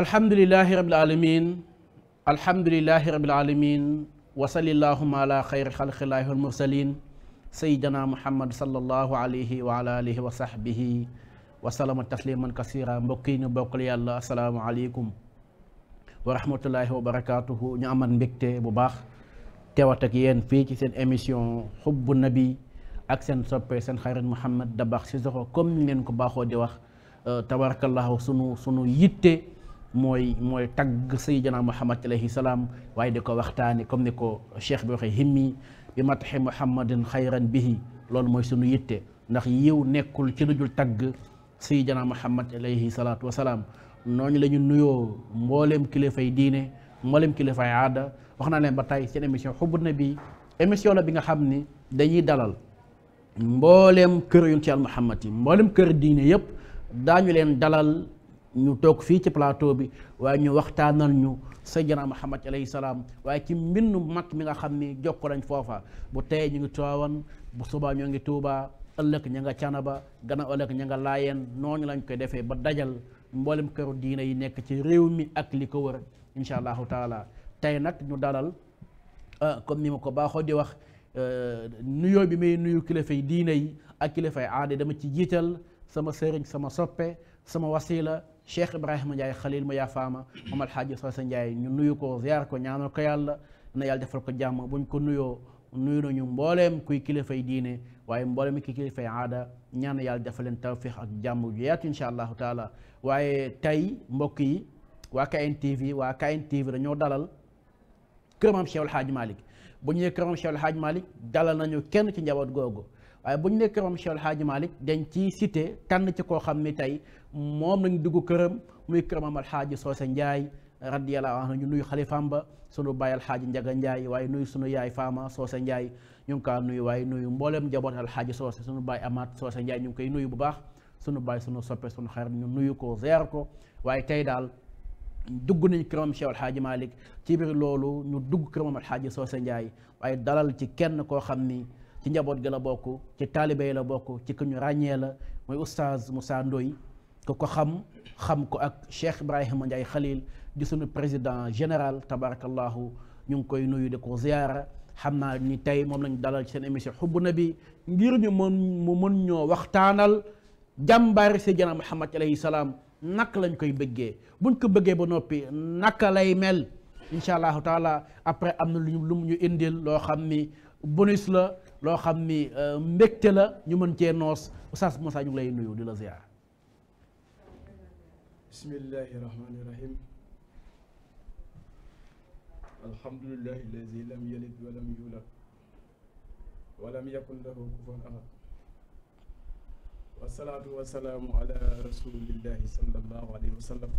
alhamdulilahi rabil alamin alhamdulilahi rabil alamin wa salillahuma ala xayri xalqillahi wal mursalin sayidana muhammad sallallahu alayhi wa ala alihi wa sahbihi wa salama tasliman kasira mbokk yi ñu bokkal yàlla asalaamualeykum wa rahmatullahi wa barakaatuhu ñu amat mbégte bu baax teewat ak yéen fii ci seen émission xubbu nabi ak seen soppe seen xarit Mouhamed Dabakh Cissokho comme ni leen ko baaxoo di wax euh, tabarakallahu sunu sunu yitte mooy mooy tagg sayyidina muhammad alayhi salaam waaye di ko waxtaane comme ni ko cheikh bi waxee himmi bi mataxi muhammadin xayran bihi loolu mooy sunu yitte ndax yiw nekkul ci lu dul tagg sayyidina muhammad alayhi salaatu wasalaam nooñu la ñu nuyoo mbooleem kilifay diine mbooleem kilifay aada wax naa leen ba tey seen émission xubbu nabi émission la bi nga xam ni dañuy dalal mbooleem kër yonent Yàlla Muhammad yi mbooleem kër diine yëpp daañu leen dalal ñu toog fii ci plateau bi waaye ñu waxtaanal ñu sayyidina Muhammad alayhi salaam waaye ci mbind mag mi nga xam ni jokko lañ foofa bu tey ñu ngi Tiwaawan bu subaa ñoo ngi Tuubaa ëllëg ña nga ba gannaaw ëllëg ña nga Laayeen noonu lañ koy defee ba dajal mboolem këru diine yi nekk ci réew mi ak li ko wër incha allahu taala tey nag ñu dalal ah, comme ni ma ko baaxoo di wax eh, nuyoo bi may nuyu kilifay diine yi ak kilifay aada dama ci jiital sama sëriñ sama soppe sama wasila Cheikh Ibrahima Ndiaye Khalil mu yaa faama moom alxaaji Soosa Ndiaye ñu nuyu ko ziar ko ñaanal ko yàlla na yàlla defal ko jàmm buñ ko nuyoo nuyu nañu mbooleem kuy kilifay diine waaye mbooleem ki kilifay aada ñaan yàlla defal leen tawfiix ak jàmm ju yaatu insha allahu taala tey mbokk yi waa KNTV waa KNTV dañoo dalal kër maam Cheikh Alxaaji bu ñu nee kër maam Cheikh dalal nañu kenn ci njaboot googu waaye bu ñu nee kër maam Cheikh Alxaaji dañ ci cité tànn ci koo xam ni tey moom lañ dugg këram muy këram am alxaaji Soose Njaay wax na ñu nuyu xalifaam ba sunu baay alxaaji Njaga Njaay waaye nuyu sunu yaay Faama Soose Njaay ñu ngi kaa nuyu waaye nuyu mbooleem njaboot alxaaji Soose sunu baay Amaat Soose Njaay ñu ngi koy nuyu bu baax sunu baay sunu soppee sunu xarit ñu nuyu ko ziar ko waaye tey daal dugg nañ këramam Cheikh Alxaaji Malick ci biir loolu ñu dugg këramam Alxaaji Soose Njaay waaye dalal ci kenn koo xam ni ci njaboot gi la bokk ci taalibe yi la bokk ci ku ñu ràññee la mooy Oustaz Moussa Ndoye ku ko xam xam ko ak Cheikh Ibrahima Ndiaye Khalil di suñu président général tabarakallahu ñu ngi koy nuyu di ko ziyaara xam naa ni tey moom lañu dalal ci seen émission xubbu nabi ngir ñu mën mu mën ñoo waxtaanal jàmbaari Seydina Muhammad alayhi salaam naka lañ koy bëggee buñ ko bëggee ba noppi naka lay mel incha allahu taala après am na lu ñu lu ñu indil loo xam ni bonus la loo xam ni euh, mbégte la ñu mën cee noos Oustaz Moussa ñu lay nuyu di la ziyaar bismillahi rahmaani rahim alhamdulillahi allazi lam yalid wa lam yulad wa lam yakun lahu kufuwan ahad wasalaatu wasalaamu ala rasulillahi sallallahu alayhi wa sallam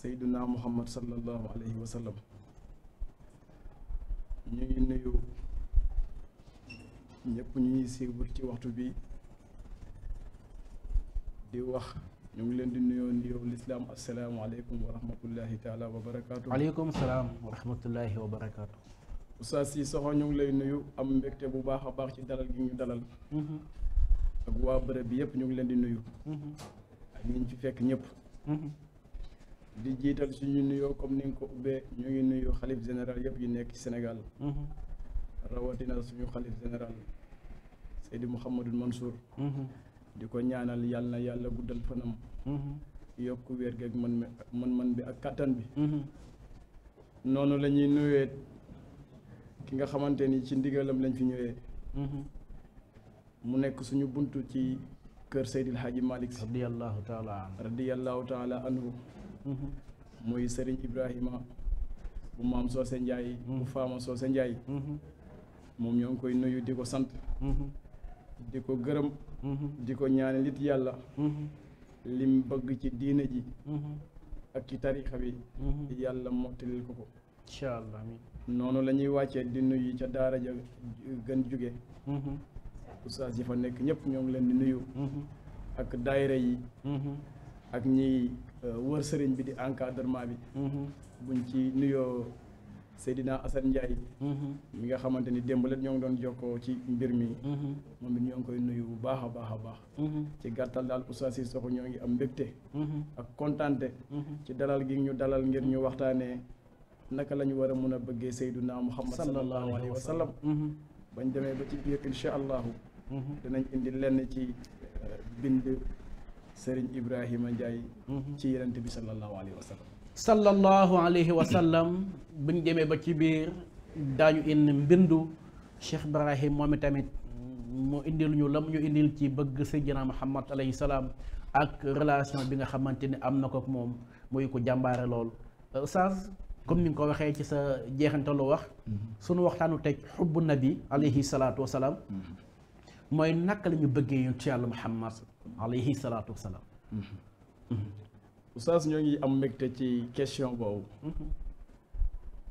sayduna muhammad sallallahu alayhi wa sallam ñu ngi nuyu ñëpp ñuy siiwul ci waxtu bi di wax ñu ngi leen di nuyoo nuyoo lislaam asalaamaaleykum wa rahmatullahi taala wa barakaatu. waaleykum salaam wa rahmatullahi wa barakaatu. Oustaz Cissokho ñu ngi lay nuyu am mbégte bu baax a baax ci dalal gi ñu dalal. Mhm. ak waa bërëb bi yëpp ñu ngi leen di nuyu. Mhm. ak ñi ñu ci fekk ñépp mhm. di jiital suñu nuyoo comme ni nga ko ubbee ñu ngi nuyu xalif général yëpp yu nekk ci Sénégal. rawatina suñu xalif général Seydi Mouhamadul Mansour. di ko ñaanal yàlla na yàlla guddal fanam mm-hmm. yokk wér gi ak man man man bi ak kàttan bi mm-hmm. noonu la nuyee ki nga xamante ni ci ndigalam lañ fi ñëwee mm-hmm. mu nekk suñu bunt ci kër Seydil Hadji Malick Sy radiyallahu taala anhu muy Serigne Ibrahima bu maam Soose Njaay bu faama Soose Njaay moom ñoo koy nuyu di ko sant di ko gërëm Mm-hmm. di ko ñaanal it yàlla mm-hmm. lim bëgg ci diina ji mm-hmm. ak ci tarixa bi yàlla mottalil ko ko incha allah amiin noonu lañuy ñuy wàccee di nuyu ca daara ja gën jóge ustaas yi fa nekk ñëpp ñoo ngi leen di nuyu ak daayira yi ak ñiy euh, wër sëriñ bi di encadrement bi buñ ci nuyoo Seydina Assane Ndiaye. Mm-hmm. mi nga xamante ni démb la ñoo ngi doon jokkoo ci mbir mi. Mm-hmm. moom it ñoo koy nuyu bu baax a baax a baax. Mm-hmm. ci gàttal daal Oustaz Sissoko ñoo ngi am mbégte. ak kontaante. ci dalal gi ñu dalal ngir ñu waxtaanee naka la ñu war a mun a bëggee Seydina Muhammad sallallahu alayhi wa sallam. bañ demee ba ci biir incha allahu. dinañ indi lenn ci euh, bind Serigne Ibrahima Ndiaye. ci yenent bi sallallahu alayhi wa sallallahu alayhi wa sallam bu ñu demee ba ci biir daañu indi mbindu Cheikh Ibrahim moom itamit mu indil ñu lam ñu indil ci bëgg Seydina Muhammad alayhi salaam ak relation bi nga xamante ni am na ko moom muy ko jàmbaare lool Oustaz comme ni nga ko waxee ci sa jeexantalu wax sunu waxtaanu teg xubbu nabi alayhi salaatu wa salaam mooy naka lañu ñu bëggee yonent Yàlla Muhammad alayhi salaatu wa salaam oustaz ñoo ngi am mbégte ci question boobu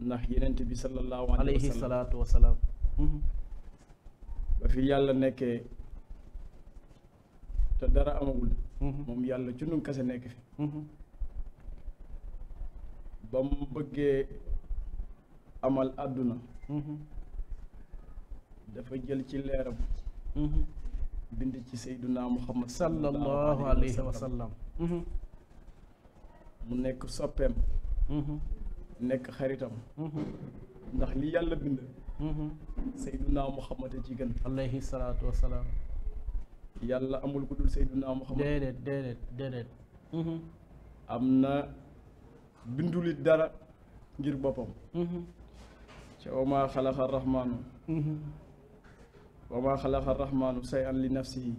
ndax yenent bi sallallahu alayhi salaatu wa salaam ba fi yàlla nekkee te dara amagul moom yàlla ci nun kase nekk fi ba mu bëggee amal àdduna dafa jël ci leeram bind ci seyduna muhammad sallallahu alayhi wa sallam mu nekk soppeem mm-hmm. nekk xaritam mm-hmm. ndax li yàlla bind mm-hmm. sayduna muhammad a ci gën alayhi salaatu wasalaam yàlla amul ku dul sayduna muhammad déedéet déedéet déedéet am na bindulit dara ngir boppam ci wama xalaqa rahmaanu wama xalaqa rahmaanu say an li nafsihi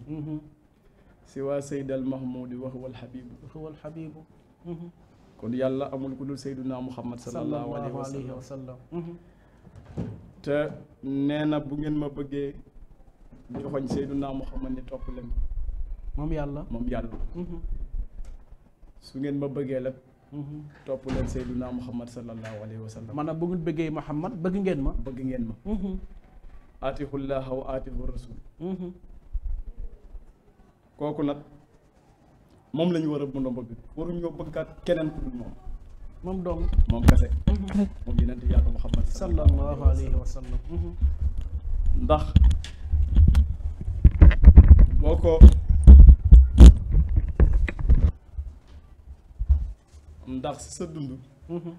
siwa saydal mahmudi wa huwa alxabibu wa huwa alxabibu kon yàlla amul ku dul sayduna muhammad sallallahu alayhi wa sallam mhm. te nee na bu ngeen ma bëggee joxoñ sayduna muhammad ni topp leen moom yàlla moom yàlla mhm. su ngeen ma bëggee la mhm. topp leen sayduna muhammad sallallahu alayhi wa sallam a bu ngeen bëggee muhammad bëgg ngeen ma bëgg ngeen ma aatihu llaha wa kooku nag moom lañu war a mën a bëgg waruñoo bëggaat keneen ku dul moom. moom dong moom kese. Mhm. moom yonent yàlla Muhammad sallallahu alayhi mhm. ndax boo ko ndax sa dund. Mhm.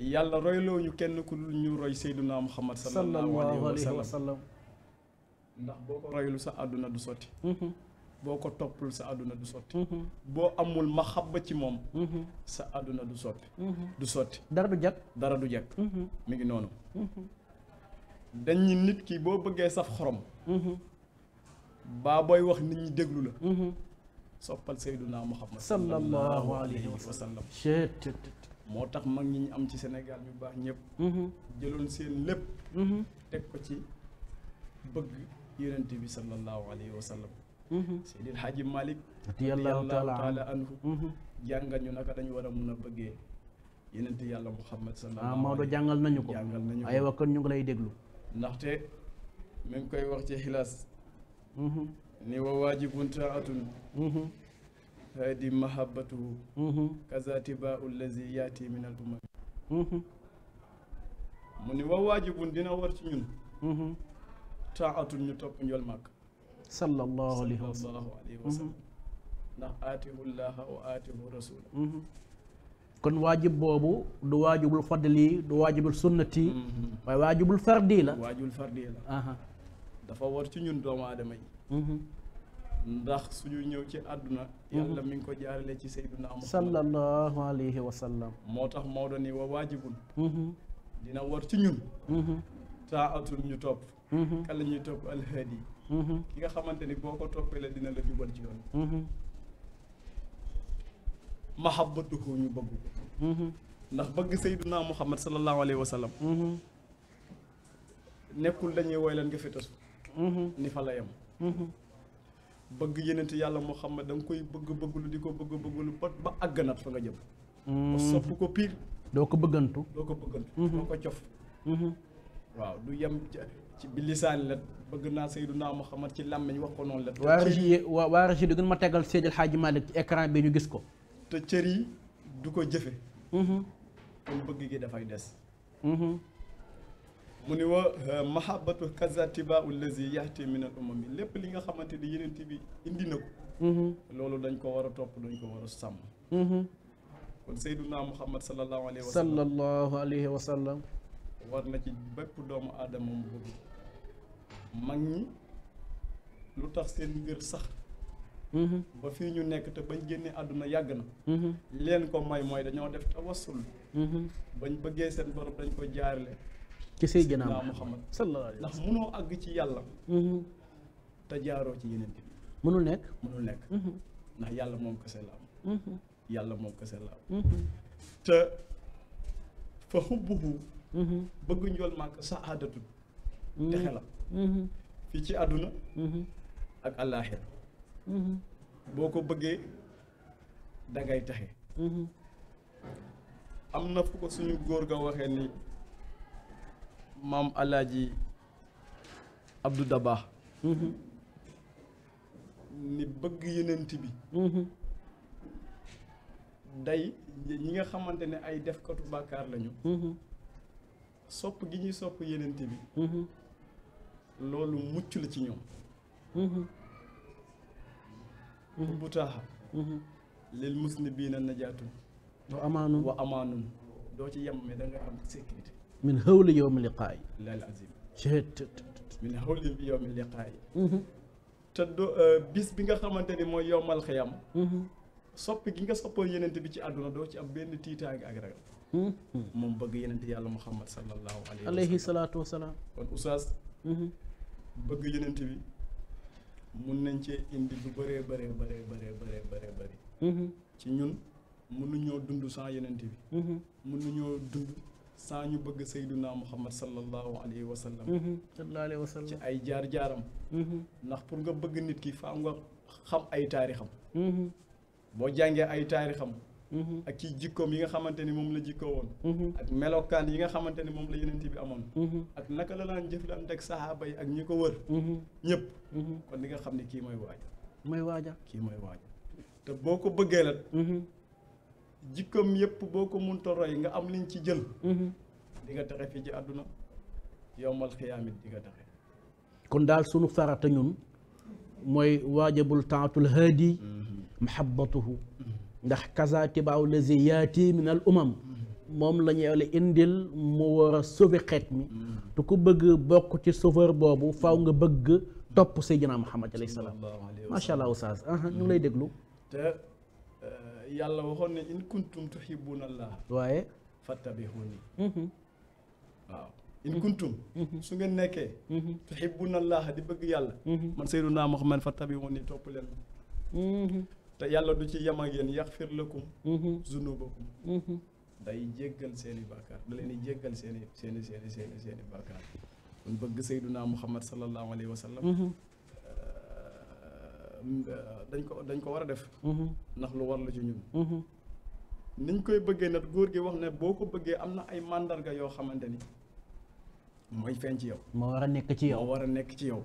yàlla royloo kenn ku dul ñu roy Seyduna Muhammad sallallahu alayhi wa sallam. ndax boo ko roylu sa àdduna du sotti. boo ko toppul sa àdduna du sotti mm-hmm. boo amul maxabba ci moom mm-hmm. sa àdduna du sotti mm-hmm. du sotti dara du jag dara du jag mi ngi noonu dañu nit ki boo bëggee saf xorom baa booy wax nit ñi déglu la soppal sayduna muhammad sallallahu alayhi wa sallam moo tax mag ñi ñu am ci senegal ñu baax ñëpp jëloon seen lépp teg ko ci bëgg yonent bi sallallahu alayhi wa sallam Mm-hmm. Seydil Hadji Malick radiyallahu taala anhu mm-hmm. jàngal ñu naka dañu war a mun a bëggee yeneen yàlla Muhammad sallallahu ah, alayhi wa sallam Maodo jàngal nañu ko jàngal nañu ko aywa kon ñu ngi lay déglu ndaxte mi ngi koy wax ci xilaas mm-hmm. ni wa waajibun taatun hadi mahabbatuhu kaza tibaau di yaati min al umam mu ni wa waajibun dina war ci ñun taatun ñu topp njol màkk sallallahu alayhi wa sallam mhm. ndax aatihullaha wa aatihu rasul mhm. kon waajib boobu du waajibul fadli du waajibul sunnati mhm. waaye waajibul fardi la waajibul fardi la dafa wor ci ñun doomu aadama yi ndax suñu ñëw ci àdduna yàlla mi ngi ko jaarale ci sayyiduna na sallallahu alayhi wa sallam moo tax Maodo ni wa waajibul dina wor ci ñun taatul ñu topp kan la ñuy topp alhaadi Mm-hmm. ki nga xamante ni boo ko toppee la dina la jubal ci yoon mm-hmm. mahabbatuhu ñu bëgg ko mm-hmm. ndax bëgg sayyiduna muhammad sallallahu alayhi wa sallam nekkul dañuy woy leen nga fi tasu ni fa la yem bëgg yenent yàlla muhammad da nga koy bëgg bëgglu di ko bëgg bëgglu ba ba àgganat fa nga jëm ba sopp ko piir doo ko bëggantu doo ko bëggantu doo ko cof waaw du yem ci bi lisaani la bëgg naa Seydunaa Muhammad ci làmmiñ wax ko noonu la. waa régie waa waa régie du gën ma tegal Seydil Hadji Malick ci écran bi ñu gis ko. te cër yi du ko jëfe mm-hmm. kon bëgg gi dafay des. Mm-hmm. mu ni wa mahabatu kaza tiba ullazi yahti min al umam bi lépp li nga xamante ni yeneen bi indi na ko. Mm-hmm. loolu dañ ko war a topp dañ ko war a sàmm. kon Seydunaa Muhammad sallallahu alayhi wa sallam. war na ci bépp doomu aadama mu bëgg. mag ñi lu tax seen mbir sax mm-hmm. ba fii ñu nekk te bañ génnee àdduna yàgg na mm-hmm. leen ko may mooy dañoo def te wasul tawassul mm-hmm. bañ bëggee seen borom dañ ko jaarale ci a Muhammad sallallahu alayhi ndax munoo àgg ci yàlla te jaaroo ci yeneen bi mënul nekk mënul nekk ndax yàlla moom kese la am yàlla moom kese la am te fa xubbuhu bëgg njool màkk sa aadatu texe la Mm-hmm. fii ci àdduna mm-hmm. ak àllaaxira mm-hmm. boo ko bëggee da ngay taxe am na fu ko suñu góor ga waxe ni maam alaaji Abdou Dabaax ni bëgg yenent bi day ñi nga xamante ne ay defkatu bàkkaar lañu sopp gi ñuy sopp yenent bi loolu mucc la ci ñoom mm-hmm. mm-hmm. bu taaxa mm-hmm. lil musnibiina najaatun wa amaanun wa amaanun doo ci yem mais da nga am sécurité min hawli yowmi liqaayi lal azim min hawli yowmi liqaayi te do euh, bis bi nga xamante ni mooy yowmal xiyam soppi gi nga soppoon yenente bi ci àdduna doo ci am benn tiitaange ak ragal moom bëgg yenente yàlla muhammad sallallahu alayhi salaatu wasalaam kon oustaz bëgg yonent bi mun nañ cee indi lu bëree bëree bëree bëree bëree bëree mm-hmm. ci ñun mënuñoo dund sans yonent bi mm-hmm. mënuñoo dund sans ñu bëgg sayduna muhammad sallallahu alayhi wa sallam mm-hmm. sallallahu alayhi wa sallam ci ay jaar-jaaram ndax pour nga bëgg nit ki faa nga xam ay taarixam boo jàngee ay taarixam Mm-hmm. ak ci jikkoom yi nga xamante ni moom la jikkoo woon mm-hmm. ak melokaan yi nga xamante ni moom la yenent bi amoon mm-hmm. ak naka la daan jëflante ak saxaaba yi ak ñi ko wër ñëpp kon di nga xam ne kii mooy waaja mooy waaja kii mooy waaja boo ko bëggee la yëpp boo ko munta nga am liñ ci jël nga taxe fii ci àdduna yowmal xiyaamit di nga taxe kon daal sunu sarata ñun mooy waajabul taatul haadi mahabbatuhu ndax kasa tibaaw lazi yaati min al umam moom la ñu indil mu war a sauver xeet mi te ku bëgg bokk ci sauveur boobu faw nga bëgg topp Seydina Muhammad alayhi salaam macha allah oustaz ah, ñu ngi lay déglu te euh, yàlla waxoon ne in kuntum tuhibbuna allah waaye fattabihuni mhm. waaw in kuntum mhm. su ngeen nekkee mhm. tuhibbuna allah di bëgg yàlla man Seydina Muhammad fattabihuni topp leen te yàlla du ci yem ak yéen yaxfir lakum mhm. zunubakum mhm. day jéggal seeni i bàkkaar da leen di jéggal seeni seeni seen i seen i seen i seen i bàkkaar kon bëgg sayduna muhammad sallallahu mhm. euh, euh, dañ ko dañ ko war a def ndax lu war la ci ñun niñ koy bëggee nag góor gi wax ne boo ko bëggee am na ay màndarga yoo xamante ni mooy feeñ ci yow moo war a nekk ci yow war a nekk ci yow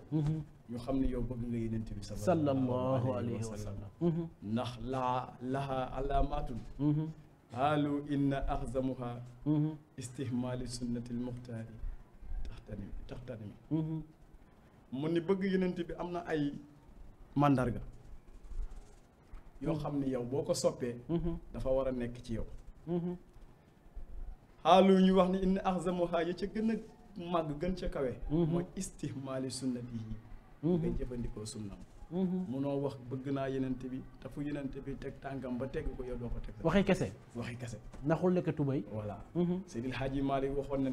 ñu xam ne yow bëgg nga yenent bi sallallahu alayhi wa sallam mhm. ndax laa laha alaamatun mhm. qaalu inna axzamuha mhm. istihmaali sunnati lmuxtaari taxtani taxtanimi mu ni bëgg yenent bi am na ay màndarga yoo xam ne yow boo ko soppee dafa war a nekk ci yow xaalu ñu wax ni inna axzamuha ya ca gën a màgg gën ca kawe mooy istihmaali sunnati yi Mm-hmm. ngay jëfandikoo sunna mm-hmm. munoo wax bëgg naa yenente bi te fu yenente bi teg tànkam ba teg ko yow doo ko teg waxi kese waxi kese naxul lekk tubay voilà mm-hmm. Seydil Hadji Malick waxoon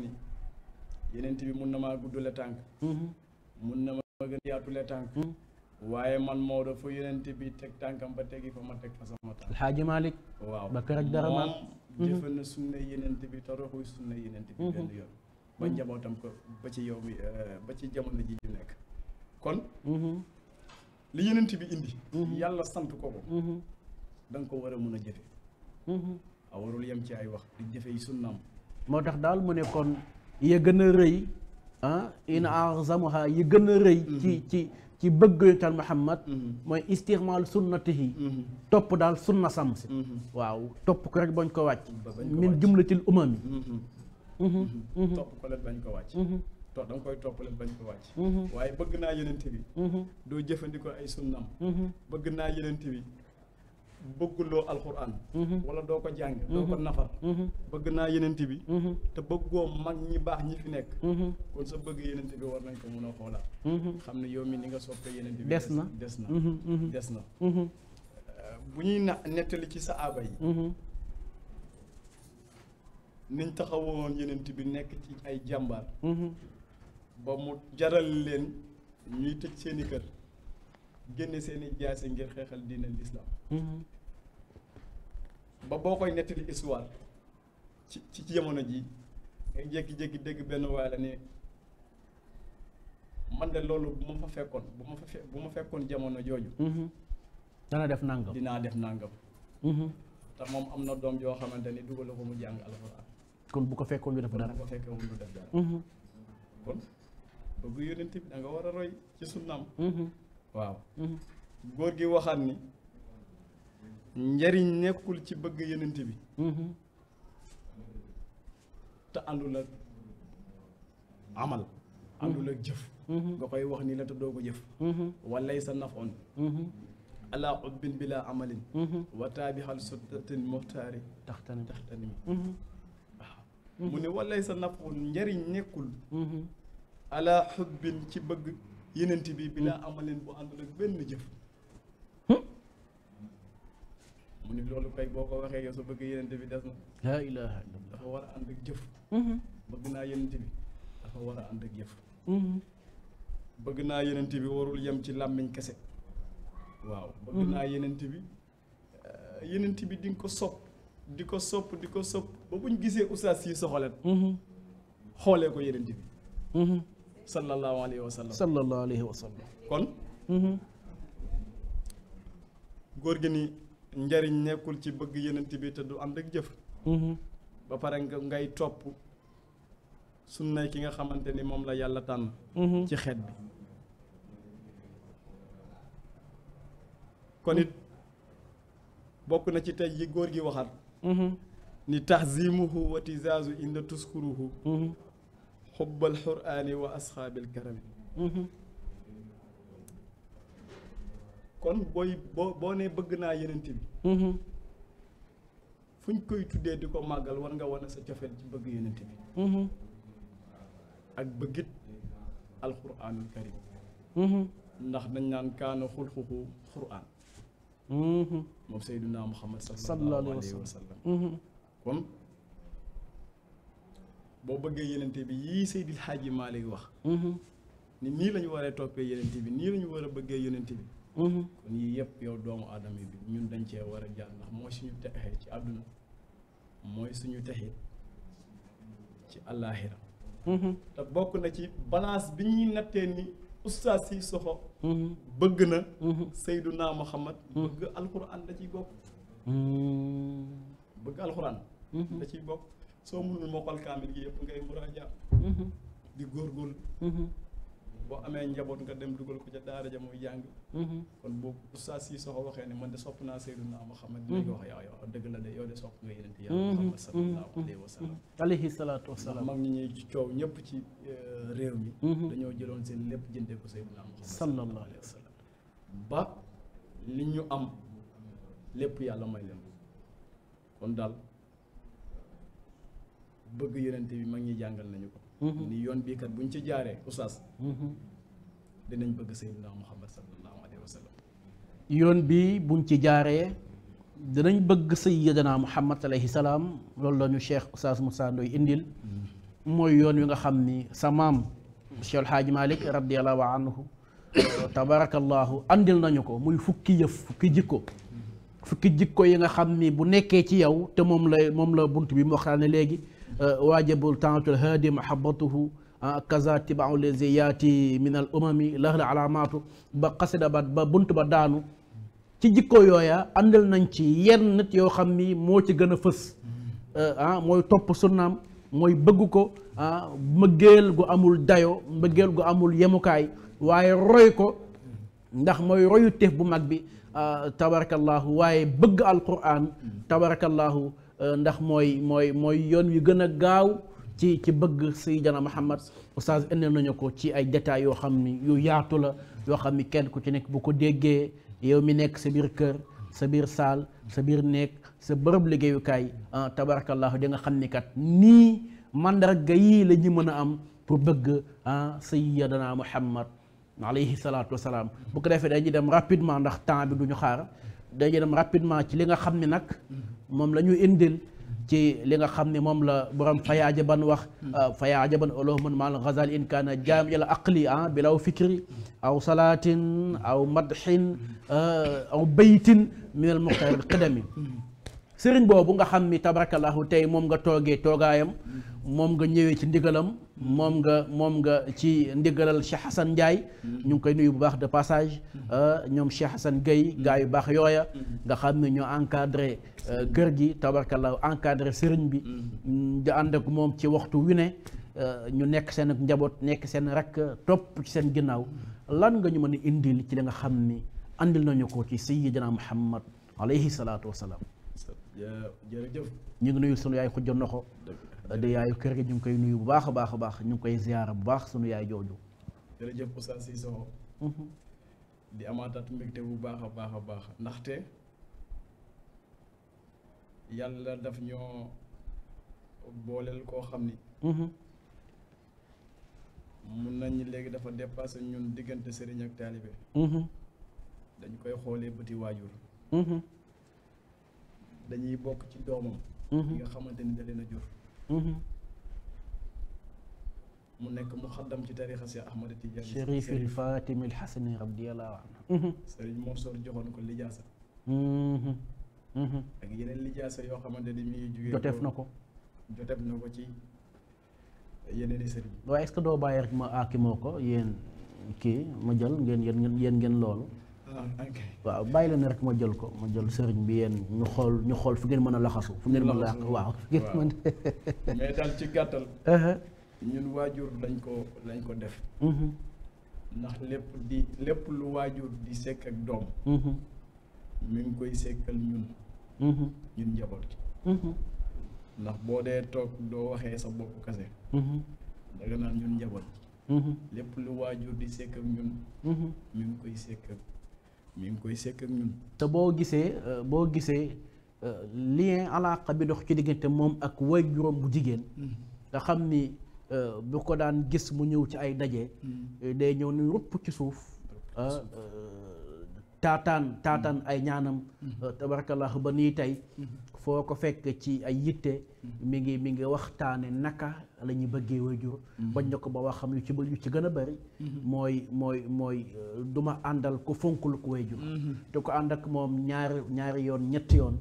bi mun na maa guddule tànk mun na ma gën yaatule tànk waaye man Maodo fu yenente bi teg tànkam ba tegi fa ma teg fa sama tànk Hadji Malick waaw ba kër ak dara maan jëfe na sunna yenente bi te roxuy sunna yenente bi benn yoon ba njabootam ko ba ci yow mi eh, ba ci jamono ji ñu nekk kon mm-hmm. li yenent bi indi mm-hmm. yàlla sant ko ko mm-hmm. da ko war a mën a jëfe a yem ci ay wax di jëfe yi sunnaam moo tax daal mu ne kon ya gën a rëy ah a arzamoha yi gën a rëy ci ci ci bëgg yonental Muhammad mooy istirmal sunnatihi topp daal sunna sam si waaw topp ko rek bañ ko wàcc min jumlatil umami topp toog da nga koy toppale bañ ko wàcc mm-hmm. waaye bëgg naa yenente bi mm-hmm. doo jëfandikoo ay sunnam mm-hmm. bëgg naa yenente bi bëgguloo alxuraan wala doo ko jàng doo ko nafar bëgg naa yenente bi te bëggoo mag ñi baax ñi fi nekk kon sa bëgg yenente bi war nañ ko mën a xoolaat xam ne yow mi ni nga soppee yenente bi des na des na des euh, bu ñuy na nettali ci sa saaba yi niñ taxawoon yenent bi nekk ci ay jàmbaar ba mu jaral leen ñuy tëj seeni kër génne seeni jaasi ngir xeexal diine lislaam mm-hmm. ba boo koy nettali histoire ci ci jamono ji nga jékki-jékki dégg benn waaye la ne man de loolu bu ma fa fekkoon bu ma fa bu ma fekkoon jamono jooju mm-hmm. dana def nàngam dinaa def nàngam mm-hmm. te moom am na doom yoo xamante ni dugal ko mu jàng alxuraan kon bu ko fekkoon lu def dara bëgg yonent bi da nga war a roy ci sunnaam mm-hmm. waaw mm-hmm. góor gi waxaat ni njariñ nekkul ci bëgg yonent bi mm-hmm. te àndul ak amal àndul ak jëf nga koy wax ni la te doo ko jëf walay sa naf on xubbin bila amalin wa taabixal suttatin muxtaari taxtani taxtani mu ne walay sa naf njariñ nekkul ala xubbin ci bëgg yenent bi bilaa amaleen bu àndul ak benn jëf hmm? mu ni loolu kay boo ko waxee yow sa bëgg yenent bi des na laa ilaha illallah war a ànd ak jëf hmm. bëgg naa yenent bi dafa war ànd ak hmm. naa yenent bi warul yem ci làmmiñ kese waaw bëgg naa yenent bi euh, yenent bi di ko sopp di ko sopp di ko sopp ba buñ gisee ustaas yi soxalat xoolee ko yenent bi sallallahu alayhi wa sallam wa sallam kon mm-hmm. góor gi ni njariñ nekkul ci bëgg yenent bi te du ànd ak jëf mm-hmm. ba pare ngay topp sunnay ki nga xamante ni moom la yàlla tànn mm-hmm. ci xeet bi kon it bokk na ci tey yi góor gi waxat ni tahzimuhu wa inda tuskuruhu xubbal xuraani wa asxaabil karami kon booy boo boo nee bëgg naa yenent bi fu ñu koy tuddee di ko màggal war nga wane sa cofeel ci bëgg yenent bi ak bëggit alxuraanul karim ndax dañ naan kaana xulxuxu xuraan moom sayduna muhammad sallallahu alayhi wa sallam kon boo bëggee yenente bi yii Seydil Hadji lay wax mm-hmm. ni nii lañu ñu waree toppee yenente bi nii la war a bëggee yenente bi mm-hmm. kon yii yëpp yow doomu aadama bi ñun dañ cee war a jaar ndax mooy suñu texee ci àdduna mooy suñu texee ci àllaaxira mm-hmm. te bokk na ci balance bi ñuy nattee ni ustaas si soxo bëgg na Seydunaa Muhammad bëgg alxuraan da ciy bokk ciy bokk soo mënul mokkal kaamil gi yëpp ngay muraaja mhm. di góor mhm. boo amee njaboot nga dem dugal ko ca daara ja muy jàng mhm. kon boo sa si soxo waxee ne man de sopp naa Seydina Muhammad dinañ ko wax yow yow dëgg la de yow de sopp nga yeneen yàlla Muhammad sallallahu alayhi wa sallam alayhi salaatu coow ñëpp ci euh, réew mi dañoo jëloon seen lépp jëndee ko Seydina Muhammad sallallahu alayhi wa sallam ba li ñu am lépp yàlla may leen kon daal bëgg yonent bi mag ñi jàngal nañu ko mhm. ni yoon bii kat ñu ci jaaree oustaz mhm. dinañ bëgg sayyidina muhammad sallallahu alayhi wa yoon bii buñ ci jaaree dinañ bëgg sayyidina muhammad alayhi salaam loolu la ñu cheikh oustaz Moussa Ndoye indil mhm. mooy yoon wi nga xam ni sa maam cheikh alhaaji malik radiallahu anhu tabarakallahu andil nañu ko muy fukki yëf fukki jikko fukki jikko yi nga xam ni bu nekkee ci yow te moom la moom la bunt bi mu waxtaane léegi Uh, waajibul taatul haadi mahabatuhu uh, kaza tibau lesi yaati min al umami lahal alaamaatu ba xasida ba ba bunt ba daanu ci jikko yooya àndal nañ ci yenn nit yoo xam ni moo ci gën a fës uh, ah, mooy topp sunnaam mooy bëgg ko ah mbëggeel gu amul dayo mbëggeel gu amul yemukaay waaye roy ko ndax mooy royu teef bu mag bi ah, tabarakallahu waaye bëgg alquran tabarakallahu Euh, ndax mooy mooy mooy yoon wi gën a gaaw ci ci bëgg Seydina Muhammad oustaz indil nañu ko ci ay détails yoo xam ni yu yaatu la yoo xam ni kenn ku ci nekk bu ko déggee yow mi nekk sa biir kër sa biir saal sa biir nekk sa bërëb liggéeyukaay ah, tabarakallahu di nga xam ni kat nii mandarga yii la mën a am pour bëgg ah Seydina Muhammad alayhi salaatu salaam bu ko defee dañuy dem rapidement ndax temps bi du ñu xaar dañuy dem rapidement ci li nga xam ne nag moom la ñu indil ci li nga xam ne moom la borom fayaaja ban wax euh, fayaaja ban olohu man maal ghazal in kaana jaam ila aqli ah bilaw aw salaatin aw madxin euh, aw baytin min al muxtar bi sëriñ boobu nga xam ni tabarakallahu tey moom nga toogee toogaayam moom nga ñëwee ci ndigalam moom nga moom nga ci ndigalal Cheikh Hassan Ndiaye ñu ngi koy nuyu bu baax de passage euh, ñoom Cheikh san Gueye gaa yu baax yooya nga xam ne ñoo encadré euh, kër gi tabarkalla encadré sëriñ bi di ànd ak moom ci waxtu wi ne euh, ñu nekk seen ak njaboot nekk seen rek topp ci seen ginnaaw lan nga ñu mën a indil ci li nga xam ni andil nañu ko ci sayyidina Muhammad alayhi salaatu wa salaam. jërëjëf ñu ngi nuyu sunu yaay xujja noxo di yaayu kër gi ñu ngi koy nuyu bu baax baax a baax ñu ngi koy ziyaara bu baax sunu yaay jooju. jërëjëf Oustaz Cissokho mm-hmm. di amaataat mbégte bu baax baax baax ndaxte yàlla daf ñoo booleel koo xam ni. Mm-hmm. mun nañu léegi dafa dépassé ñun diggante sëriñ ak taalibe. Mm-hmm. dañ koy xoolee bëti waajur. dañuy bokk ci doomam. yi nga xamante ni da a jur. Mm-hmm. mu nekk mu xaddam ci tarixa si Ahmad Tidiane. Chérifil Fatimil Xasani radiyallahu anhu. Mm-hmm. Serigne Morsoor joxoon ko lijaasa. Mm-hmm. ak yeneen lijaasa yoo xamante ni joteef na ko joteef na ko ci yeneen i sëriñ. waaye est-ce que doo bàyyi rek ma aakimoo ko yéen kii ma jël ngeen ngeen yéen ngeen loolu. Ah, waaw bàyyi leen rek ma jël ko ma jël sëriñ bi yéen ñu xool ñu xool fu ngeen mën a laxasu fu ngeen mën a yàq waaw fu ngeen mën mais daal ci gàttal uh-huh. ñun waajur lañ ko lañ ko def mm-hmm. ndax lépp di lépp lu waajur di sekk ak doom mm-hmm. mi ngi koy sekkal ñun mm-hmm. ñun njaboot ndax boo dee toog doo waxee sa bopp kase danga naan ñun njaboot gi lépp lu waajur di sekk ak ñun mi ngi koy sekk ak mi ngi koy sekk ñun. te boo gisee euh, boo gisee euh, lien alaaka bi dox ci diggante moom ak way juróom bu jigéen. Mm. nga xam ni euh, bu ko daan gis mu ñëw ci ay daje. Mm. day ñëw ni rupp ci suuf. taataan taataan mm. ay ñaanam. tabarakallah ba nii tey. foo ko fekk ci ay yitte. mi ngi mi ngi waxtaane naka la ñu bëggee waajur. Mm-hmm. bañ na ko ba waxam yu ci ba yu ci gën a bari. Mm-hmm. mooy mooy mooy euh, du ma àndal ku fonkul ku waajur. Mm-hmm. te ko ànd ak moom ñaari ñaari yoon ñetti yoon.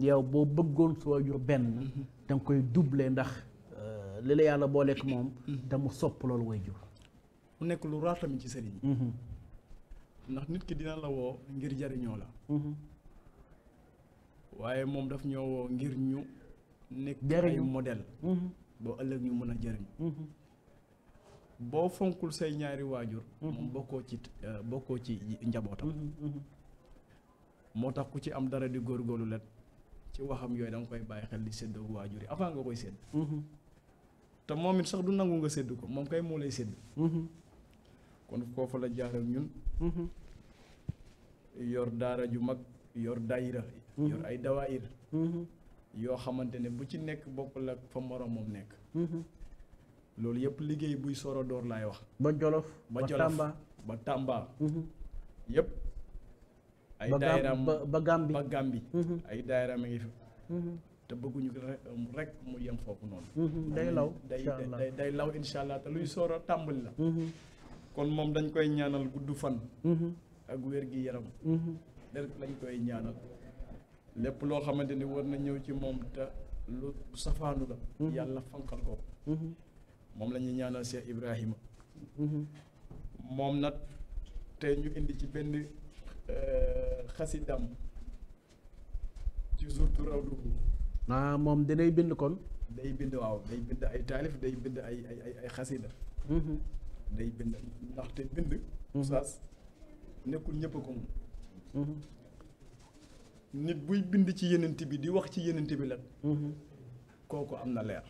yow boo bëggoon sa waajur benn. da nga koy doubler ndax euh, li la yàlla booleek moom. te mu sopp loolu waajur. mu nekk lu raar ci sëriñ. ndax nit ki dina la woo ngir jariñoo la. waaye moom daf ñëw ngir ñu nekk ay model mhm. boo ëllëg ñu mën a jëriñ mhm. boo fonkul say ñaari waajur mhm. moom bokkoo ci euh, bokkoo ci njabootam moo tax ku ci am dara di góorgóorlu let ci waxam yooyu da koy bàyyi xel di séddoo waajur yi avant nga koy sédd te moom it sax du nangu nga sédd ko moom kay moo lay sédd kon foofu la jaar ak ñun yor daara ju mag yor daayira yor ay dawaayir mm-hmm. yoo xamante ne bu ci nekk bokkul ak fa moroom moom nekk mm-hmm. loolu yëpp liggéey buy soro door laay wax ba jolof ba jolof ba tàmba mm-hmm. yëpp ay daayiraam ba gàmbi ba gàmbi ay daayiraam a ngi fi te bëgguñu um, rek mu yem foofu noonu day law day day day law insha te luy soro tàmbali la kon moom dañ koy ñaanal gudd fan ak wér gi yaram der lañ koy ñaanal lépp loo xamante ni war na ñëw ci moom te lu safaanu la mhm. yàlla fankal ko mhm. moom lañuy ñuy ñaanal Cheikh Ibrahima mhm. moom nag te ñu indi ci benn euh, xasidam ci surtout raw dugu ah moom dinay bind kon day bind waaw day bind ay taalif day bind ay ay ay xasida day bind ndaxte bind saas nekkul ñëpp ko mun nit buy bind ci yenent bi di wax ci yenent bi lan mhm. kooku am na leer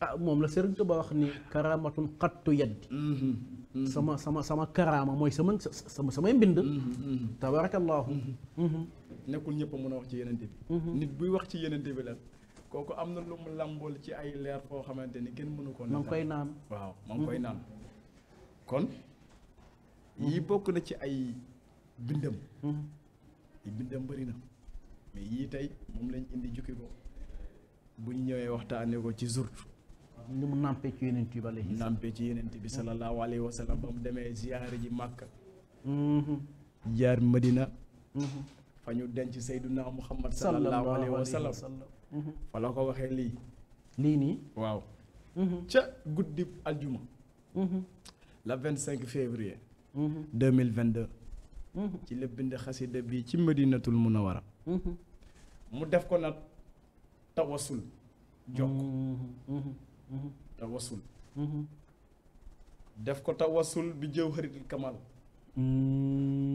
ah moom la Sëriñ ba wax ni karaamatun xattu yaddi mhm. Mhm. sama sama sama karaama mooy sama sama samay mbind tabaarakallaahu nekkul ñëpp a mën a wax ci yenente bi nit buy wax ci yenente bi lan kooku am na lu mu làmbool ci ay leer foo xamante ni kenn mënu ko ma koy naan waaw ma koy naan kon yi bokk na ci ay bindam ay bindam bëri na mais yii tey moom lañ indi jukki ko buñ ñëwee waxtaanee ko ci jour. ni mu nampee ci yeneen bi alayhi nampee ci bi sallallahu alayhi wa sallam ba mu demee ziyaare ji Màkka. Mm-hmm. jaar Madina. Mm-hmm. fa ñu denc Seyduna Muhammad sallallahu alayhi wa sallam mm-hmm. fa la ko waxee lii. lii nii waaw. ca guddi aljuma. la vingt cinq février. deux mille vingt Mm-hmm. ci la bind xasida bi ci a munawara mm-hmm. mu def ko nag tawasul jokk mm-hmm. tawasul def ko tawasul bi jawharatul kamal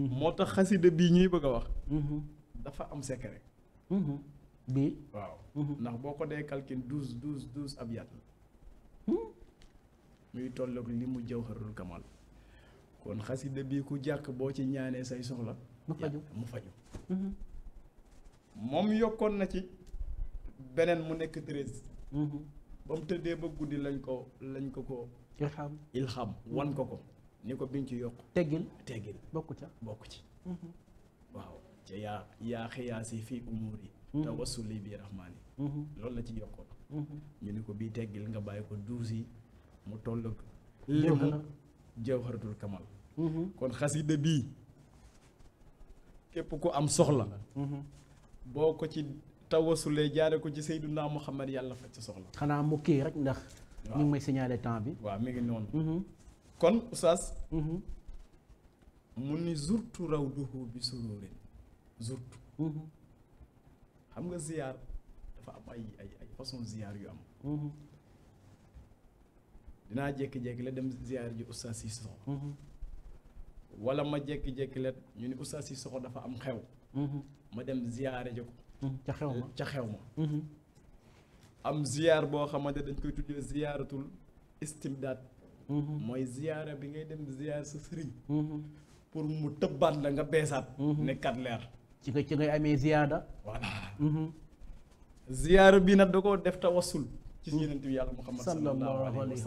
moo tax xasida bii ñuy bëgg a wax dafa am secret bi waaw ndax boo ko dee calcul douze douze douze abyaat la hmm? muy tolloog li mu jawharul kamal kon xasida bii ku jàkk boo ci ñaanee say soxla mu faju mu faju mm-hmm. moom yokkoon na ci beneen mu nekk treize mm-hmm. ba mu tëddee ba guddi lañ ko lañ ko ko ilham ilham wan ko ko ni ko biñ ci yokk teggil teggil bokk ca bokk ci mm-hmm. waaw ca yaa yaa xiyaasi fii umuri tawassuli bi rahmaani loolu la ci yokkoon ñu ni ko bii teggil nga bàyyi ko douze yi mu toll lému jawharatul kamal mm-hmm. kon xasida bii képp ku am soxla mm-hmm. boo ko ci tawasulee jaare ko ci Seydunaa Muhammad yàlla faj sa soxla xanaa mu kii rek ndax ñu ngi may signaler temps bi waa mi ngi noonu mm-hmm. kon oustaz mu ni zurtu rawduhu bi sururin zurtu xam nga ziyaar dafa am ay ay ay façon ziyaar yu am dinaa jékki-jékki la dem ziar ji oustaz Cissokho mhm. wala ma jékki-jékki la ñu ni oustaz soxo dafa am xew mhm. ma dem ziare ji ko mhm. ca xew ma ca xew ma am ziar boo xamante dañ koy tuddee ziaratul istimdaad mooy bi ngay dem ziar sa sëriñ pour mu tëbbaat nga beesaat nekkat leer ci nga ci ngay amee ziyaada voilà ziyaara bi nag da koo def tawassul ci yonent yàlla muhammad sallallahu alayhi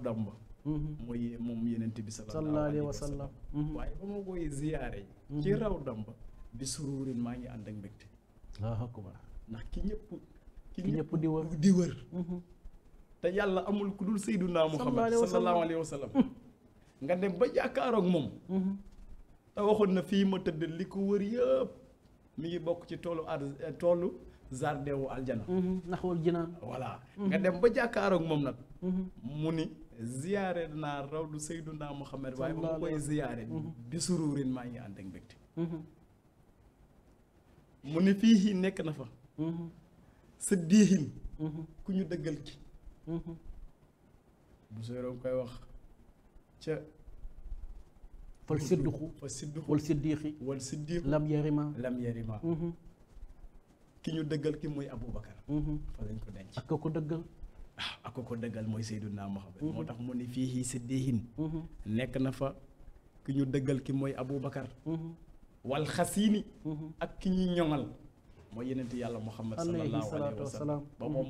mhm. mhm. mooy moom yonent mhm. raw damba bi sururin maa ngi ànd ak mbégte allahu ki ñëpp ñëpp di wër di wër te yàlla amul ku dul sayyiduna muhammad sallallahu alayhi wa sallam nga dem ba jàkkaaroog moom te waxoon na fii ma tëdd li ko wër yëpp mi ngi bokk ci toolu ar eh, toolu jardin wu aljana mhm, ndax wal nga dem ba jàkkaaroog moom nag mhm. mu ni ziyaare naa rawdu Seydunaa Muhammad waaye ba ma koy ziyaare mhm. bi suruurin maa ngi ànd ak mbégte mu ni fii nekk na fa sa diihin ku ñu dëggal ki bu sooy koy wax ca fal sidduqu fal sidduqu wal siddiqi wal siddiqu lam yarima lam yarima mhm. ki ñu dëggal ki mooy Aboubacar mhm. fa lañ ko denc ak ko ko dëggal ah, ak ko ko dëggal mooy Seydunaa Muhammad mhm. moo tax mu ne fii siddiqin nekk na fa ki ñu dëggal ki mooy Aboubacar wal xasiini ak ki ñuy ñoŋal mooy yenent yàlla Muhammad sallallahu alayhi wa ba moom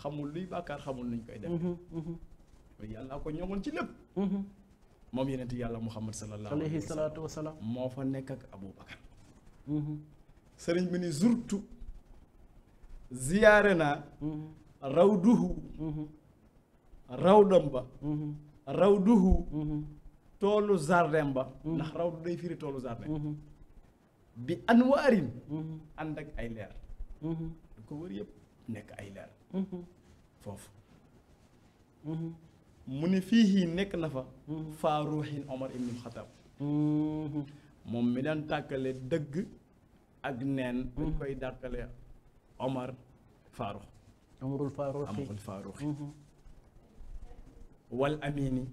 xamul luy bàkkaar xamul nuñ koy def yàlla ko ñoŋal ci lépp moom yonent yàlla muhammad sallallahu alayhi salaatu wasalaam moo fa nekk ak Aboubacar mm-hmm. sëriñ bi ni zurtu ziyaare naa mm-hmm. rawduhu mm-hmm. rawdam ba rawduhu toolu jardin ba ndax rawdu day firi toolu jardin bi anwaarin ànd ak ay leer du ko wër yëpp nekk ay leer foofu mu ne fii nekk na fa hmm. faa ruuxin omar ibnul xatab hmm. moom mi daan tàkkale dëgg ak neen hmm. dañ koy dàkkale omar faaruux omarul faaruuxi wal amini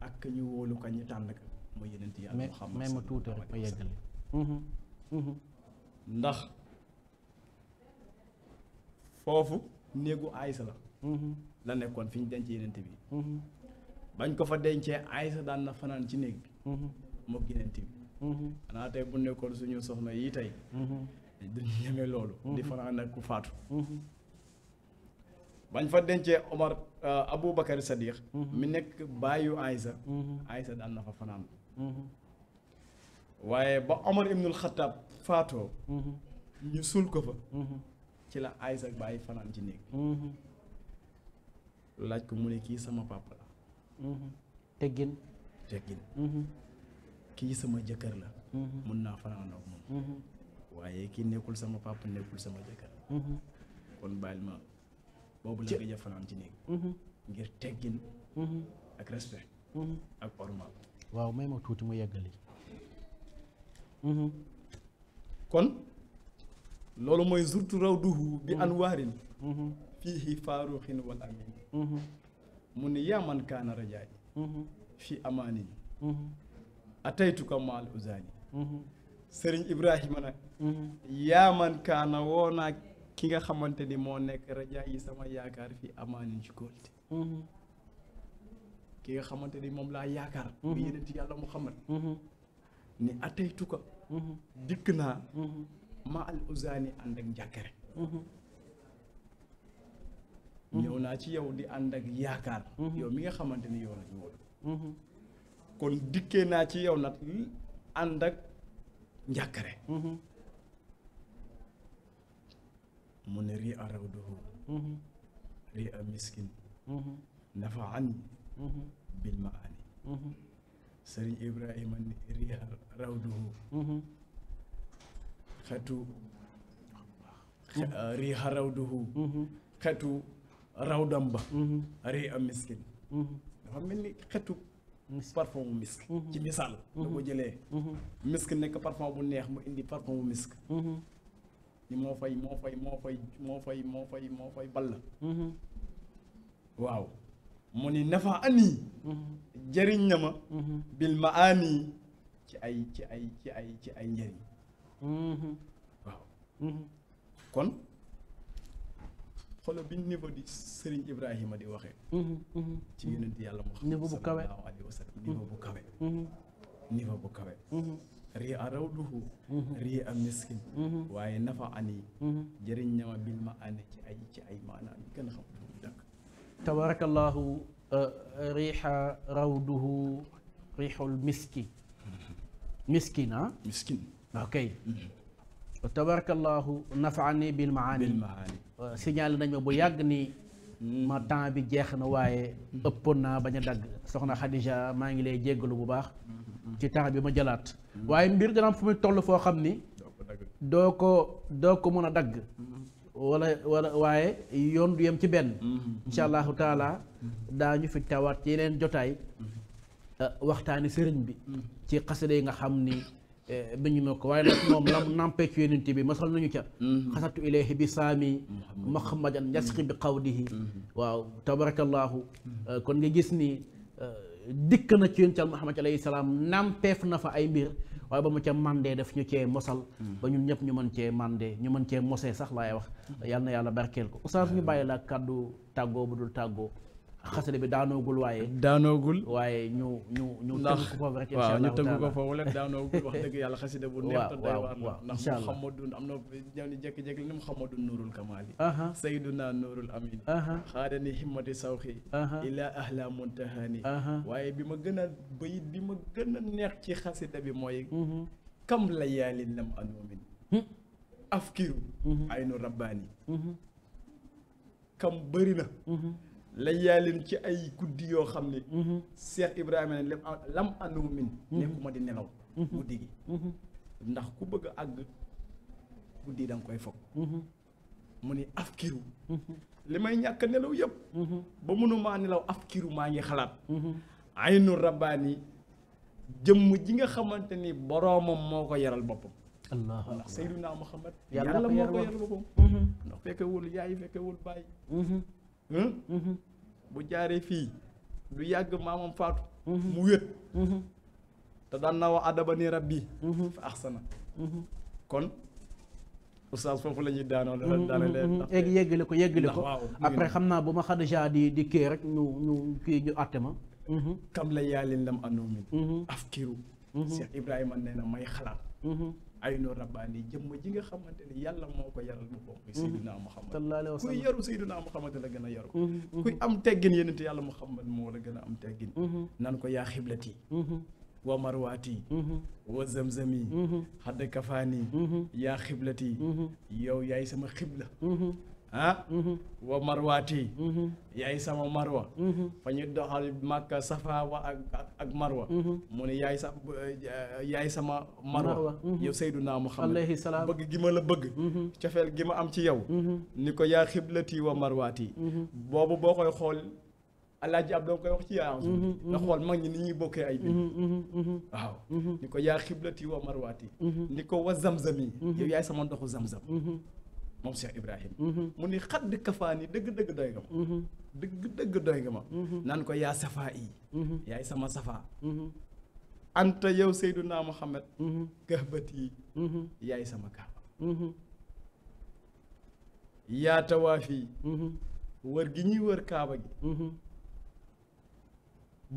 ak ka wóolu ka ñu tànn ka mooy yenent yàlla mais mais ma tuuti ma yeggale ndax foofu néegu aysa la la nekkoon fi ñu denc yenent bi mhm. bañ ko fa dencee Aysa daan na fanaan ci néeg bi mhm. mook yenent bi mhm. xanaa tey bu nekkoon suñu soxna yi tey duñu ñeme loolu di fanaan ak ku faatu bañ fa dencee Omar euh, Abu Bakar Sadiq mi nekk bàyyu Aysa Aysa daan na fa fanaan waaye ba Omar ibnul Xataab faatoo ñu suul ko fa ci la Aysa bàyyi fanaan ci néeg laaj ko mu ne kii sama papa la. Mm-hmm. teggin. teggin. Mm-hmm. kii sama jëkkër la. Mm-hmm. mun naa fanaan ak moom. waaye kii nekkul sama papa nekkul sama jëkkër. kon bàyyil ma boobu la gëj a fanaan ci néeg. ngir teggin. ak respect. ak ormal. waaw may ma tuuti mu yeggali. kon loolu mooy surtout raw duhu bi anwaarin fiihi faaruxin wal amin mm-hmm. mu ne yaa kaana rajaay mm-hmm. fi amaanin mm-hmm. ataytuka maal usaani sëriñ ibrahima nag yaa kaana woo ki nga xamante ni moo nekk rajaay yi sama yaakaar fi amaanin ci kóolte ki nga xamante ni moom laa yaakaar bu yeneen ci yàlla muhammad ni ataytuka dikk naa maal usaani ànd ak njàkkare ñëw mm-hmm. naa ci yow di ànd ak yaakaar mm-hmm. yow mi nga xamante ni yow la ñu wóolu mm-hmm. kon dikkee naa ci yow nag ànd ak njàkkare mu ne rii a raw duhu rii a miskin nafa an bil ma ani sëriñ ibrahima ni rii a raw duhu xetu rii a raw duhu xetu raw damba mhm. rëy am miskin mhm. dafa mel ni xetu parfum bu misk mhm. ci misaal da jëlee misk nekk parfum bu neex mu indi parfum bu misk ni moo fay moo fay moo fay moo fay moo fay ball waaw mu ni nafa anii jëriñ na ma bil ma ci ay ci ay ci ay ci ay njëriñ waaw kon xoolal biñ niveau di Serigne Ibrahima di waxee. Mhm, mhm. ci yonent yàlla mu xam. niveau bu kawe sallallahu bu kawe. niveau bu kawe. Mhm. rii a rawduhu rii a miskin waaye nafa ani jëriñ ñama bil ma ànd ci ay ci ay maanaam yu gën a xam mu dakk tabarakallahu euh, euh, rawduhu riixul miski miskin ah miskin tabarakallahu nafaani bil maani signalé nañ ma bu yàgg ni ma temps bi jeex na waaye ëppoon naa bañ a dagg soxna Khadija maa ngi lay jéggalu bu baax ci temps bi ma jëlaat waaye mbir dana fu muy toll foo xam ni doo ko doo ko mën a dagg wala wala waaye yoon du yem ci benn insha allahu taala daañu fi tawaat yeneen jotaay waxtaani sëriñ bi ci xasida yi nga xam ni Eh, bañu ma ko waaye nag moom lam nampeccu yonent bi masal nañu ca mm-hmm. xasatu ilayhi bi saami muhammadan yasqi bi qawdihi mm-hmm. waaw tabarakallahu mm-hmm. eh, kon nga gis ni eh, dikk na ci yonent al muhammad alayhi salaam nampeef na fa ay mbir waaye ba mu ca mandee def ñu cee mosal ba ñun ñëpp ñu mën cee mandee ñu mën cee mosee sax laay wax yal na yàlla barkeel ko oustaz ñu bàyyi la kàddu tàggoo bu dul tàggoo xasida bi daanoogul waaye. daanoogul waaye ñu ñu ñu. ndax tëgg ko foofu rek incha allah waaw ñu tëgg ko foofu rek daanoogul wax dëgg yàlla xasida bu neex te doy waar na ndax mu xamadun am na ñoom ni jékki-jékki li mu xamadun nuurul kamaali. sayduna nuurul amin. xaadani himmati sawxi. ila ahla muntahani. waaye bi ma gën a bayit bi ma gën a neex ci xasida bi mooy. Mhm. kam layaalin lam anuumin. Hm? afkiru. Mhm. aynu rabbaani. Mhm. kam bëri na. la yaalim ci ay guddi yoo xam ne mm-hmm. Cheikh Ibrahima ne lam àndumu min mm-hmm. nekkuma di nelaw mm-hmm. guddi gi ndax ku bëgg a àgg guddi da koy foog mu ni af kiru li may ñàkk nelaw yëpp ba mënumaa nelaw af kiru maa ngi xalaat aynu rabbaani jëmm ji nga xamante ni boroomam moo ko yaral boppam allah ndax Seydina Muhammad yàlla moo ko yaral boppam ndax fekke wul yaay fekke wul bàyyi Hmm? Mhm. bu jaaree fii du yàgg maamam faatu mhm. mu wét mhm. te daan naa wax adaba ni rabbi fa ahsana kon oustaz foofu la ñuy daanoo daanalee egg ko yéggale ko après xam naa bu ma xadija di di kii rek ñu ñu kii ñu àtte ma kam la yaalin lam anomin afkiru Cheikh Ibrahima nee na may xalaat aynu rabbaani jëmm ji nga xamante ne yàlla moo ko yaral mu bokk muy mhm. Seydina Muhammad kuy yaru Seydina Muhammad a gën a yaru mhm, mhm. kuy am teggin yenente yàlla Muhammad moo la gën a am teggin nan ko yaa xiblati wa marwaati wa zamzami xadd kafaani yaa xiblati yow yaay sama xibla ah mm-hmm. wa marwaati mm-hmm. yaay sama marwa mm-hmm. fa ñu doxal màkka safa wa ak ak marwa mu ne yaay sa yaay sama marwa yow naa mu alayhi salaam bëgg gi ma la bëgg cofeel gi ma am ci yow ni ko yaa xiblati wa marwaati boobu boo xool alaaji ab doo koy wax ci yaa nga xool mag ñi ni ñuy bokkee ay ko yaa xiblati wa marwaati ni yi wa zamzami yow yaay sama ndoxu zamzam moom Cheikh Ibrahima. Mhm. mu ni xadd kafaani mhm. dëgg dëgg doy nga ma. dëgg dëgg doy nga ma. naan ko yaa safaa yi. Mhm. yaay sama safaa. anta yow Seydunaa Muhammad. kahbat yi. yaay sama kahba. yaa tawaaf yi. wër gi ñuy wër kaaba gi.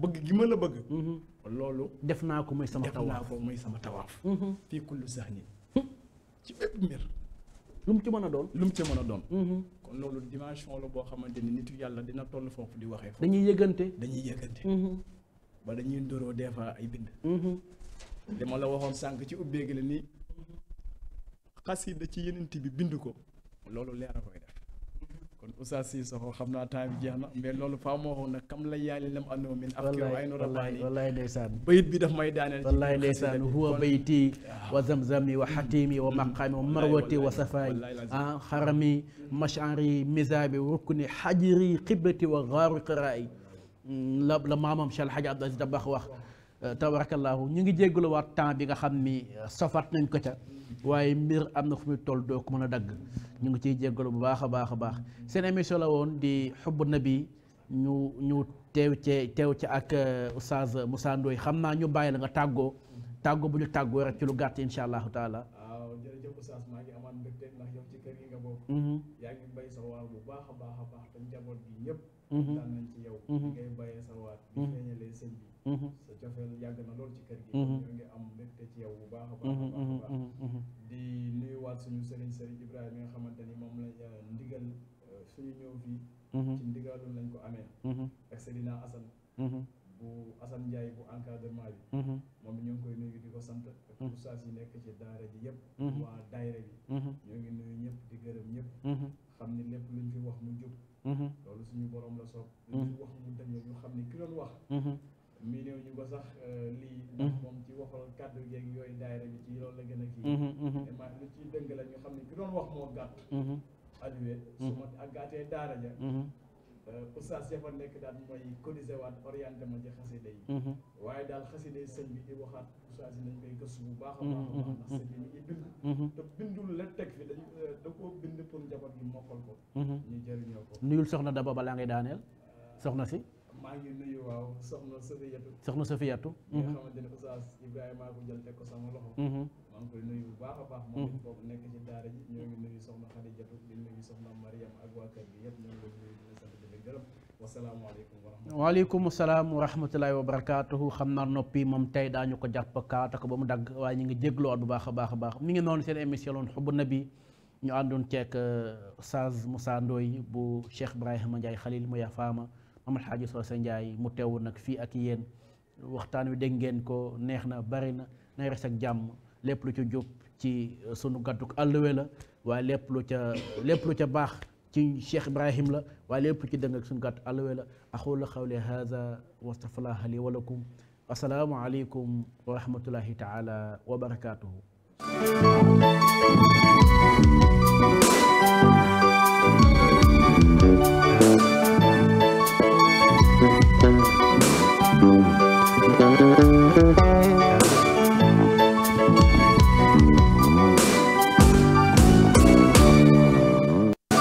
bëgg gi ma la bëgg. loolu. def naa ko muy sama tawaaf def naa ko muy sama tawaaf. fii hm. ci bépp mbir. lu mu ci mën a doon lu mu ci mën a doon mm-hmm. kon loolu dimension la boo xamante ni nitu yàlla dina toll foofu di waxee foofu dañuy yëgante dañuy yëgante mm-hmm. ba dañuy ndoroo des fois ay bind mm-hmm. li ma la waxoon sànq ci ubbee gi la ni xasida ci yenent bi bind ko loolu leer a koy def kon Oustaz Cissokho xam naa temps bi jeex na mais loolu faa moo waxoon nag kam la yaali lam anoo min af ay nu rabbaani wallaay ndeysaan bayit bi daf may daaneel wallaay huwa bayti wa zamzami wa xatimi wa maqami wa marwati wa safaay ah xarami mashari misabi rukni xajri qiblati wa gaaru qiraay hmm, la la maamam Cheikh Hadj Abdou Aziz Dabakh wax tabarakallahu ñu ngi jéggulu waat temps bi nga xam ni uh, sofat nañ ko ca waaye mbir am na fu muy toll doo ko mën a dagg ñu ngi ciy jéggalu bu baax a baax a baax seen émission la woon di xubbu nabi ñu ñu teew ci teew ci ak euh, oustaz Moussa Ndoye xam naa ñu bàyyi la nga tàggoo tàggoo bu ñu tàggoo rek ci lu gàtt insha allahu taala. waaw bu oustaz maa ngi amaat mbégte ndax yow ci kër gi nga bokk. Mm-hmm. yaa ngi bay sa waar bu baax a baax a baax te njaboot bi ñëpp. daan mm-hmm. nañ ci yow. Mm-hmm. ngay bayee sa waar. yàgg na lool ci kër gi. ñu ngi ci yow bu baax a baax a mhm, baax mhm, mhm, di nuyuwaat suñu sëriñ sëriñ Ibrahima yi nga xamante ni moom lañ euh, ndigal euh, suñu ñëw fii ci ndigalul lañ ko amee ak Seydina Assane bu Assane Ndiaye bu encadrement bi moom ñu ngi koy nuyu di ko sant ak ustaas yi nekk ci daara ji yëpp waa daayira bi ñoo ngi nuyu ñëpp di gërëm ñëpp xam ni lépp luñ fi wax mu jub loolu suñu borom la soog luñ fi wax mu dañoo ñu xam ni ki doon wax mii néew ñu ko sax euh, lii mm-hmm. ndax moom ci waxal kàddu geeg yooyu daayira bi ci loolu la gën a kii mm-hmm, mm-hmm. te ma lu ciy dëng la ñu xam ne ki doon wax moo gàtt alluwe su ma ak gàttee daara ja euh, oustaz ya fa nekk daal mooy cotisé waat orienté ma ci xasida yi waaye daal xasida yi sëñ bi di waxaat oustaz yi nañ koy gëstu bu baax a baax a baax ndax sëñ bi ñu ngi bind te bindul la teg fi dañ euh, da bind pour njaboot gi mokkal ko ñu jëriñoo ko nuyul soxna Daba balaa ngay daaneel soxna si maa ngi nuyu waaw soxna Safiyatu. soxna Safiyatu. nga mhm. xamante ne Oustaz Ibrahima ko jël teg ko sama loxo. Mhm. maa a baax. moom it mhm. waa kër wa salaam wa rahmatulahi wa barakaatuhu xam naa noppi moom tey daañu ko jàpp kaata ko ba mu dagg waaye ñu ngi jégloo at bu baax a baax a baax mi ngi noonu seen émission loon xubbu nabi ñu àndoon ceek euh, Oustaz Moussa Ndoye bu Cheikh Ibrahima Ndiaye Khalil mu yafaama Maam Alxaaji Soose Njaay mu teew nag fii ak yéen waxtaan wi dégg ngeen ko neex na bari na nay res ak jàmm lépp lu ca jub ci uh, sunu gàdduk àlluwe la waaye lépp lu ca baax ci Cheikh Ibrahim la waaye lépp lu ci dëng ak sunu gàddu àlluwe la aqulu qawli haza wastaghfirullaha li wa lakum assalaamu wa rahmatullahi taala wa barakatuhu